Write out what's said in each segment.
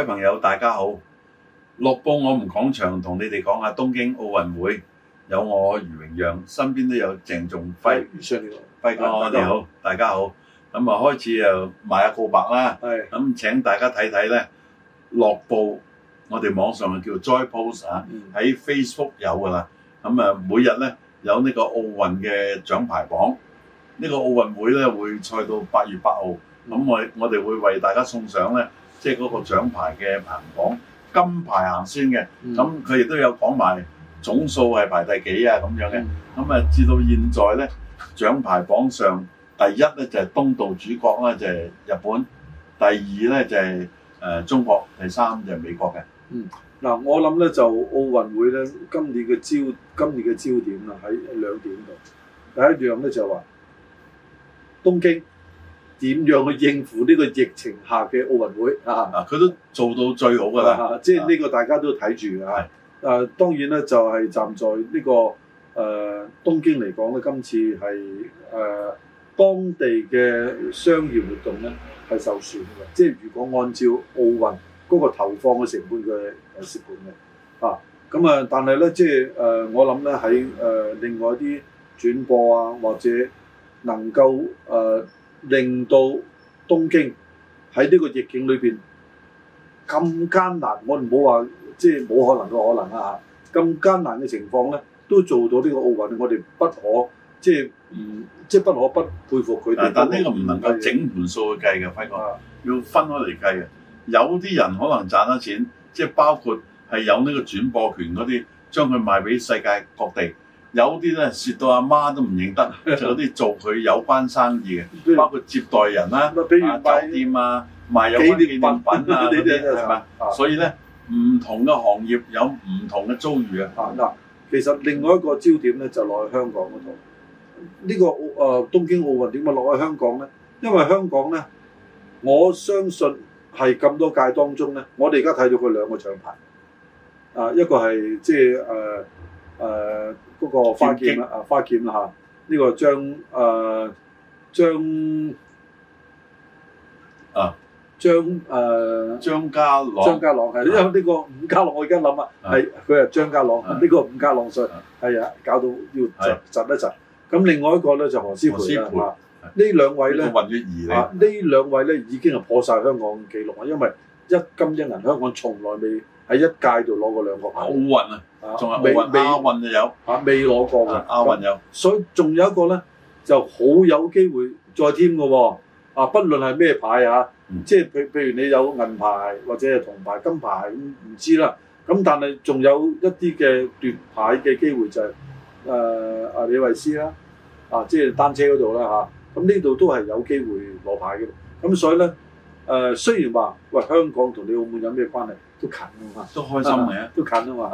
各位朋友，大家好！樂報我唔講場，同你哋講下東京奧運會，有我余榮陽，身邊都有鄭仲輝，輝、嗯、哥，我哋、嗯、好，大家好。咁啊、嗯，開始又買下告白啦。係咁的、嗯，請大家睇睇咧，樂報我哋網上啊叫 Joy Post 啊，喺、嗯、Facebook 有噶啦。咁、嗯、啊，每日咧有呢個奧運嘅獎牌榜。這個、奧運呢個奧運會咧會賽到八月八號，咁、嗯嗯、我我哋會為大家送上咧。即係嗰個獎牌嘅排行榜，金牌行先嘅，咁佢亦都有講埋總數係排第幾啊，咁樣嘅，咁啊至到現在咧，獎牌榜上第一咧就係東道主國啦，就係日本；第二咧就係誒中國；第三就係美國嘅。嗯，嗱，我諗咧就奧運會咧，今年嘅焦今年嘅焦點啦，喺兩點度。第一樣咧就係話東京。點樣去應付呢個疫情下嘅奧運會啊？佢都做到最好㗎啦！即係呢個大家都睇住㗎。誒、啊啊、當然咧，就係、是、站在呢、這個誒、呃、東京嚟講咧，今次係誒、呃、當地嘅商業活動咧係受損嘅。即係如果按照奧運嗰個投放嘅成本嘅誒蝕本嘅啊，咁啊，但係咧即係誒、呃、我諗咧喺誒另外啲轉播啊，或者能夠誒。呃令到東京喺呢個逆境裏邊咁艱難，我唔好話即係冇可能嘅可能啊！咁艱難嘅情況咧，都做到呢個奧運，我哋不可即係唔即係不可不佩服佢哋。嗯、但呢個唔能夠整盤數去計嘅，輝哥的要分開嚟計嘅。有啲人可能賺得錢，即係包括係有呢個轉播權嗰啲，將佢賣俾世界各地。有啲咧，蝕到阿媽都唔認得， 有啲做佢有關生意嘅，如包括接待人啦、啊、比如酒店啊、啊賣有啲物品啊呢啲，係咪、啊？所以咧，唔、嗯、同嘅行業有唔同嘅遭遇啊。嗱、啊，嗯、其實另外一個焦點咧，就落、是、去香港嗰度。呢、這個誒、呃、東京奧運點解落去香港咧？因為香港咧，我相信係咁多屆當中咧，我哋而家睇到佢兩個獎牌。啊，一個係即係誒。誒嗰個花劍啦，啊花劍啦，嚇，呢個張誒張啊張誒張家朗張家朗係，因為呢個伍家朗我而家諗啊，係佢係張家朗，呢個伍家朗術係啊，搞到要窒窒一窒。咁另外一個咧就何詩蓓啦啊，呢兩位咧啊呢兩位咧已經係破晒香港記錄啊，因為一金一銀香港從來未。喺一屆度攞過兩個牌，奧運啊，仲係奧運亞運就有，未攞過嘅亞運有，所以仲有一個咧，就好有機會再添嘅喎。啊，不論係咩牌啊，嗯、即係譬譬如你有銀牌或者銅牌、金牌咁唔知啦。咁但係仲有一啲嘅奪牌嘅機會就係誒阿李慧詩啦、啊，啊即係、就是、單車嗰度啦嚇。咁呢度都係有機會攞牌嘅。咁所以咧誒，雖然話喂香港同你澳門有咩關係？都近啊嘛，都開心嘅，都近啊嘛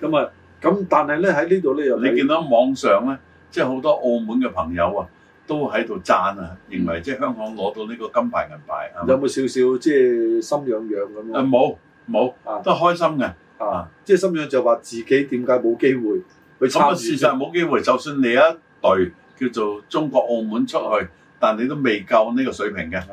嚇。咁啊咁，但係咧喺呢度咧又你見到網上咧，即係好多澳門嘅朋友啊，都喺度讚啊，認為即係香港攞到呢個金牌銀牌。有冇少少即係心癢癢咁啊？冇冇，都開心嘅啊！即係心癢就話自己點解冇機會去參與？咁啊，事實冇機會，就算你一隊叫做中國澳門出去，但你都未夠呢個水平嘅。係，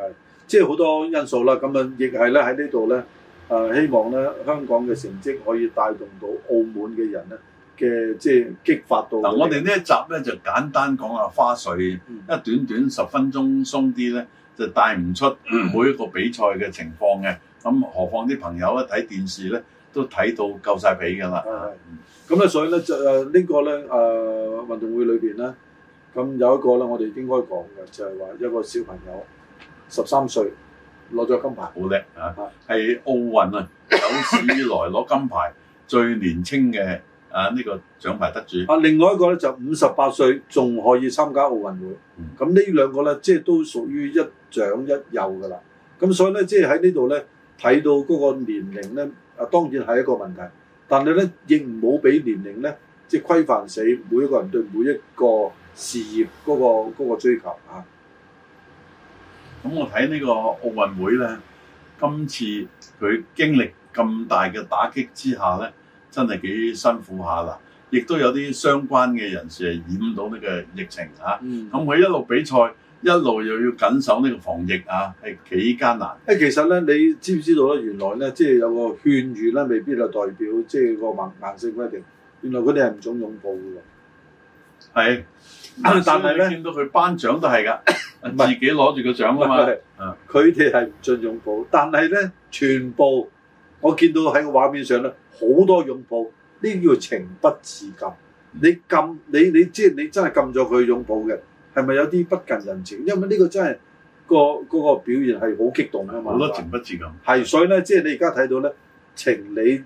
即係好多因素啦。咁啊，亦係咧喺呢度咧。誒、呃、希望咧，香港嘅成績可以帶動到澳門嘅人咧嘅，即係激發到。嗱、啊，我哋呢一集咧就簡單講下花絮，嗯、一短短十分鐘鬆啲咧，就帶唔出每一個比賽嘅情況嘅。咁、嗯嗯、何況啲朋友咧睇電視咧都睇到夠晒皮噶啦。咁咧，所以咧就誒、這個、呢個咧誒運動會裏邊咧，咁有一個咧，我哋應該講嘅就係、是、話一個小朋友十三歲。攞咗金牌，好叻啊！係奧運啊，有史以來攞金牌最年輕嘅啊！呢個獎牌得主啊，另外一個咧就五十八歲仲可以參加奧運會，咁、嗯、呢兩個咧即係都屬於一長一幼噶啦。咁所以咧即係喺呢度咧睇到嗰個年齡咧啊，當然係一個問題，但係咧亦唔好俾年齡咧即係規範死每一個人對每一個事業嗰、嗰個、嗰個追求啊。咁我睇呢個奧運會咧，今次佢經歷咁大嘅打擊之下咧，真係幾辛苦下啦。亦都有啲相關嘅人士係染到呢個疫情吓。咁佢、嗯、一路比賽，一路又要緊守呢個防疫啊，係幾艱難。誒，其實咧，你知唔知道咧？原來咧，即、就、係、是、有個勸喻咧，未必就代表即係、就是、個硬性規定。原來佢哋係唔准擁抱嘅。係。啊、但係咧，見到佢頒獎都係㗎，係自己攞住個獎啊嘛。佢哋係唔准擁抱，但係咧，全部我見到喺畫面上咧，好多擁抱，呢叫情不自禁。你禁你你即係你、即係、你真係禁咗佢擁抱嘅，係咪有啲不近人情？因為呢個真係、個嗰、個、表現係好激動啊嘛。好多情不自禁。係，所以咧，即、即、係、係、你而家睇到咧，情理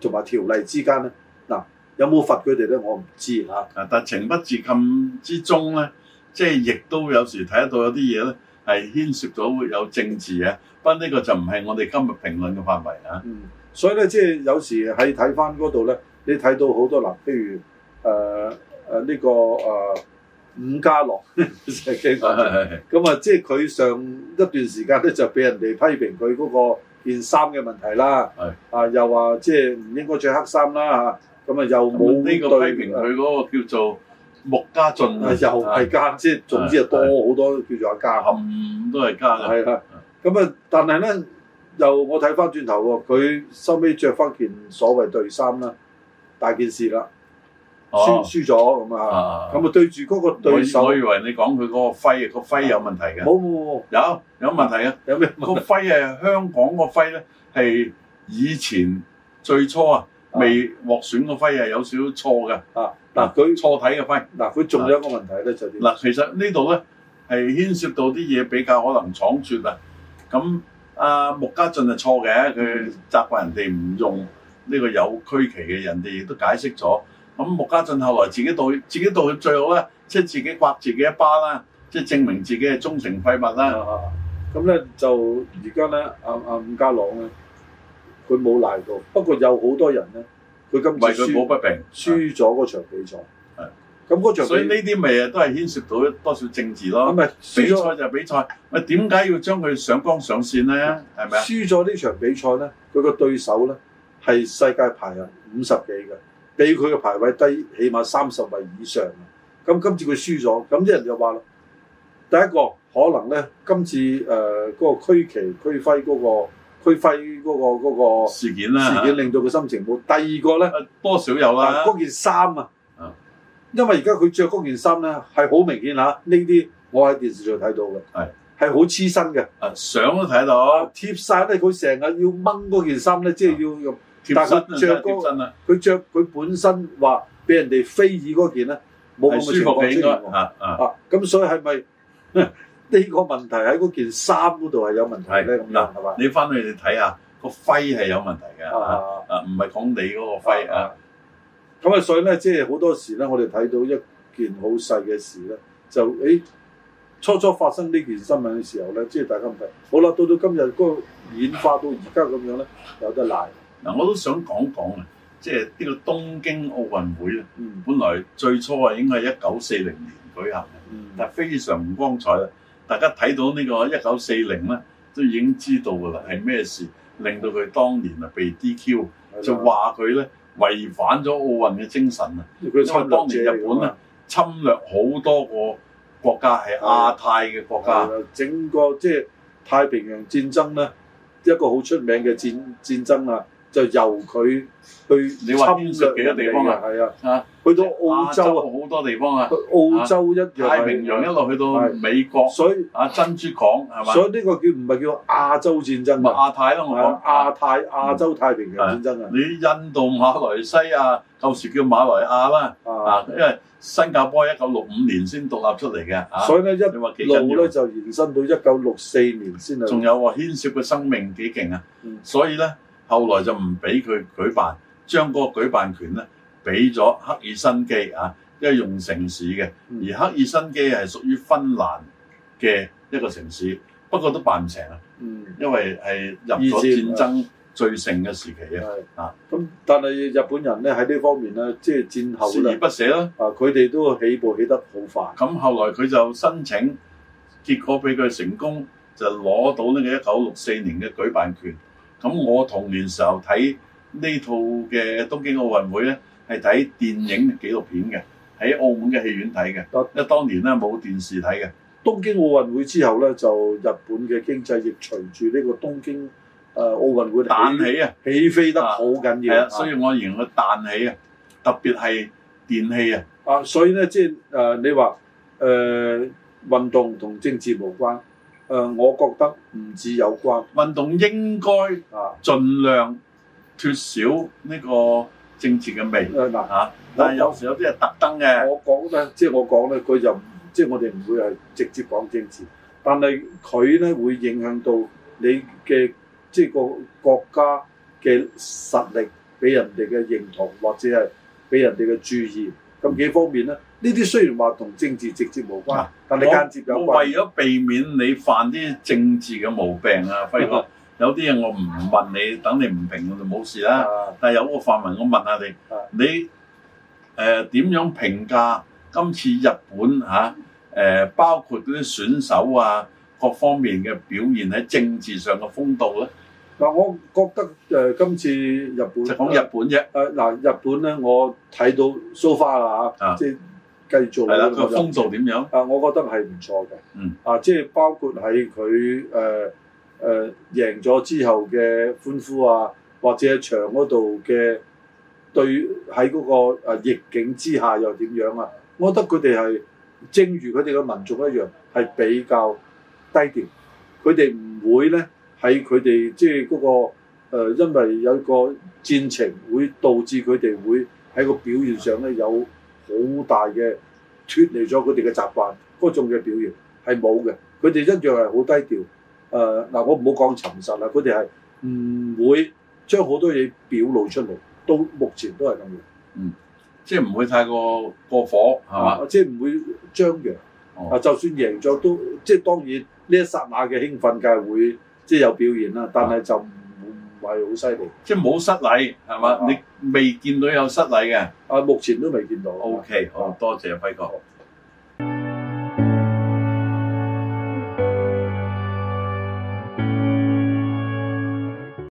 同埋條例之間咧，嗱。有冇罰佢哋咧？我唔知嚇。啊，但情不自禁之中咧，即係亦都有時睇得到有啲嘢咧係牽涉咗有政治嘅，不過呢個就唔係我哋今日評論嘅範圍啦。嗯，所以咧即係有時喺睇翻嗰度咧，你睇到好多嗱，譬如誒誒呢個誒伍家樂，成幾耐？係咁啊，即係佢上一段時間咧就俾人哋批評佢嗰個件衫嘅問題啦。係、嗯、啊，又話即係唔應該着黑衫啦嚇。咁啊又冇呢個批評，佢嗰個叫做穆家俊，又係加，即係總之啊多好多叫做阿加合，都係加嘅。係啊，咁啊，但係咧又我睇翻轉頭佢收尾着翻件所謂隊衫啦，大件事啦，輸輸咗，咁啊，咁啊對住嗰個對手，我以為你講佢嗰個揮個揮有問題嘅，冇冇冇，有有問題啊？有咩個揮係香港個揮咧？係以前最初啊。未獲選個揮係有少少錯嘅，啊嗱佢、嗯、他錯體嘅揮，嗱佢仲有一個問題咧就點、係？嗱其實呢度咧係牽涉到啲嘢比較可能闖絕啊，咁阿穆家駿就錯嘅，佢責怪人哋唔用呢個有區旗嘅，人哋亦都解釋咗。咁、啊、穆家駿後來自己道自己道歉最好咧，即、就、係、係、自己刮自己一巴啦，即係證明自己係忠誠廢物啦。咁咧、啊啊、就而家咧阿阿伍家朗咧。啊啊啊啊啊啊啊啊佢冇賴到，不過有好多人咧，佢今次為冇不，不平，輸咗嗰場比賽，係咁嗰場。所以呢啲咪啊，都係牽涉到多少政治咯。咁咪比賽就係比賽，咪點解要將佢上綱上線咧？係咪啊？輸咗呢場比賽咧，佢個對手咧係世界排行五十幾嘅，比佢嘅排位低起碼三十位以上。咁今次佢輸咗，咁啲人就話咯，第一個可能咧，今次誒嗰、呃嗰個區旗區徽嗰個。佢費嗰個事件啦，事件令到佢心情冇。第二個咧，多少有啊，嗰件衫啊，因為而家佢着嗰件衫咧，係好明顯嚇。呢啲我喺電視上睇到嘅，係係好黐身嘅。啊，相都睇到，貼晒咧。佢成日要掹嗰件衫咧，即係要用。但係着著嗰陣，佢着佢本身話俾人哋非議嗰件咧，冇咁舒服嘅應該啊。咁所以係咪？呢個問題喺嗰件衫嗰度係有問題咧，咁難係嘛？吧你翻去你睇下個徽係有問題嘅，啊唔係講你嗰個徽啊。咁啊，所以咧，即係好多時咧，我哋睇到一件好細嘅事咧，就誒初初發生呢件新聞嘅時候咧，即係大家唔睇好啦，到到今日嗰個演化到而家咁樣咧，有得賴。嗱，啊，我都想講講啊，即係呢個東京奧運會咧，本來最初啊應該係一九四零年舉行嘅，但係非常唔光彩啦。大家睇到呢個一九四零咧，都已經知道㗎啦，係咩事令到佢當年啊被 DQ。的就話佢咧違反咗奧運嘅精神啊。的因為當年日本咧侵略好多個國家，係亞太嘅國家，整個即係、就是、太平洋戰爭咧一個好出名嘅戰戰爭啊！就由佢去侵略幾多地方啊？係啊，啊，去到澳洲好多地方啊！去澳洲一樣，太平洋一路去到美國。所以啊珍珠港係嘛？所以呢個叫唔係叫亞洲戰爭啊？亞太咯，我講亞太亞洲太平洋戰爭啊！你印度馬來西亞舊時叫馬來亞啦，啊，因為新加坡一九六五年先獨立出嚟嘅。所以咧一路咧就延伸到一九六四年先係。仲有話牽涉嘅生命幾勁啊！所以咧。後來就唔俾佢舉辦，將嗰個舉辦權咧俾咗赫爾辛基啊，因為用城市嘅，而赫爾辛基係屬於芬蘭嘅一個城市，不過都辦唔成啊，因為係入咗戰爭最盛嘅時期思啊，啊咁，但係日本人咧喺呢方面咧，即係戰後，而不捨啦、啊，啊佢哋都起步起得好快，咁、啊、後來佢就申請，結果俾佢成功，就攞到呢個一九六四年嘅舉辦權。咁我童年時候睇呢套嘅東京奧運會咧，係睇電影紀錄片嘅，喺澳門嘅戲院睇嘅。得，因為當年咧冇電視睇嘅。東京奧運會之後咧，就日本嘅經濟亦隨住呢個東京誒、呃、奧運會起彈起啊，起飛得好緊要、係啊。所以我形容彈起啊，特別係電器啊。啊，所以咧即係誒，你話誒、呃、運動同政治無關。誒，我覺得唔止有關運動，應該，啊盡量脱少呢個政治嘅味。嗱嚇、啊，但係有時有啲人特登嘅，我講咧，即、就、係、是、我講咧，佢就即係、就是、我哋唔會係直接講政治，但係佢咧會影響到你嘅即係個國家嘅實力，俾人哋嘅認同，或者係俾人哋嘅注意。咁幾方面咧？呢啲雖然話同政治直接無關，啊、但係間接有關。我，我為咗避免你犯啲政治嘅毛病啊，輝哥，的有啲嘢我唔問你，等你唔評我就冇事啦。的但係有個範文，我問下你，的你誒點、呃、樣評價今次日本嚇誒、啊呃、包括啲選手啊各方面嘅表現喺政治上嘅風度咧？嗱，我覺得誒、呃、今次日本，講日本啫。誒嗱、呃，日本咧，我睇到 so far 啦嚇，啊、即係繼續。係啦、啊，個風度點樣？誒、呃，我覺得係唔錯嘅。嗯。啊，即係包括喺佢誒誒贏咗之後嘅歡呼啊，或者場嗰度嘅對喺嗰個逆境之下又點樣啊？我覺得佢哋係正如佢哋嘅民族一樣，係比較低調，佢哋唔會咧。喺佢哋即係嗰、那個、呃、因為有個戰情會導致佢哋會喺個表現上咧有好大嘅脫離咗佢哋嘅習慣嗰種嘅表現係冇嘅，佢哋一樣係好低調。誒、呃、嗱，我唔好講沉實啦，佢哋係唔會將好多嘢表露出嚟，到目前都係咁樣。嗯，即係唔會太過過火係嘛？啊，即係唔會張揚。啊、哦，就算贏咗都即係當然呢一剎那嘅興奮，梗係會。即係有表現啦，但係就唔係好犀利。即係冇失禮，係嘛？你未見到有失禮嘅，啊，目前都未見到。OK，好，多謝輝哥。